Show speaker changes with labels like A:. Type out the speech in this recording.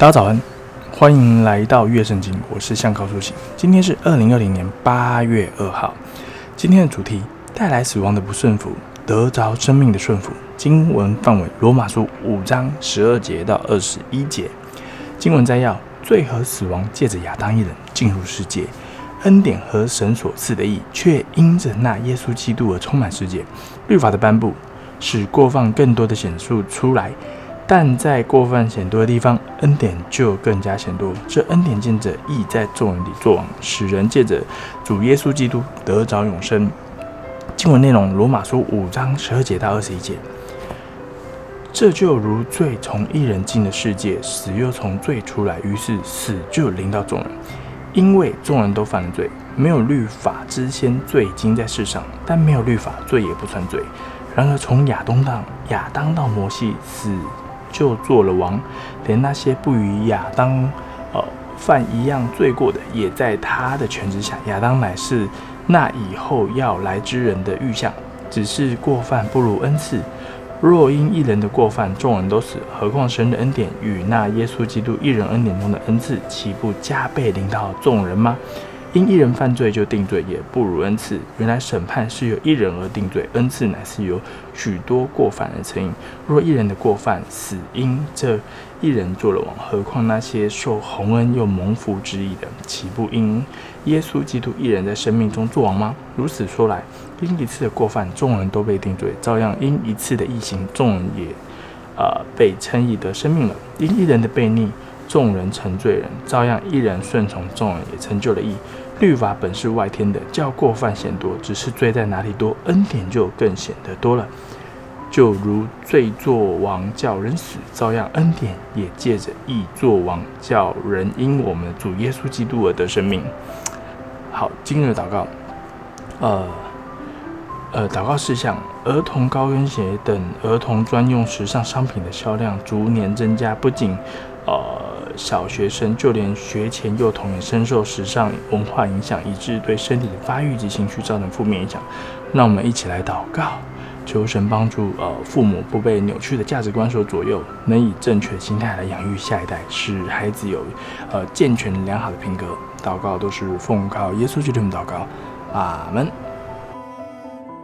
A: 大家早安，歡迎來到樂聖經，我是向高書信。今天是二零二零年八月二號，今天的主題帶來死亡的不順服，得着生命的順服。經文範圍羅馬書五章十二節到二十一節。經文摘要：罪和死亡借着亞當一人進入世界，恩典和神所賜的義卻因着那耶穌基督而充滿世界。律法的頒布使過犯更多地顯出出來。但在過犯顯多的地方，恩典就更加顯多。這恩典藉著義在眾人裡作王，使人借着主耶穌基督得着永生。經文內容：羅馬書五章十二節到二十一節。這就如罪從一人進的世界，死又從罪出來，於是死就臨到眾人，因為眾人都犯了罪。沒有律法之先，罪已經在世上；但沒有律法，罪也不算罪。然而從亞當到亞當到摩西，死。就做了王，連那些不與亞當，呃犯一樣罪過的，也在他的權之下。亞當乃是那以後要來之人的預像，只是過犯不如恩賜。若因一人的過犯，眾人都死，何況神的恩典與那耶穌基督一人恩典中的恩賜，豈不加倍臨到眾人嗎？因一人犯罪就定罪，也不如恩賜。原來審判是由一人而定罪，恩賜乃是由許多過犯而成。若一人的過犯死因，這一人做了王，何況那些受洪恩又蒙福之意的，豈不因耶穌基督一人在生命中做王嗎？如此說來，因一次的過犯，眾人都被定罪；照樣因一次的義行，眾人也呃被稱義得生命了。因一人的悖逆。眾人成罪人，照樣一人順從，眾人也成就了義。律法本是外添的，叫過犯顯多，只是罪在哪裡多，恩典就更顯得多了。就如罪作王叫人死，照樣恩典也借着義作王，叫人因我們主耶穌基督而得生命。好，今日禱告，呃，呃，禱告事項：兒童高跟鞋等兒童專用時尚商品的銷量逐年增加，不僅。呃，小學生就連學前幼童也深受時尚文化影響，以致對身體的發育及情緒造成負面影響。那我們一起來禱告，求神幫助，呃，父母不被扭曲的價值觀所左右，能以正確的心態來養育下一代，使孩子有呃健全良好的品格。禱告都是奉靠耶穌基督的禱告，阿門。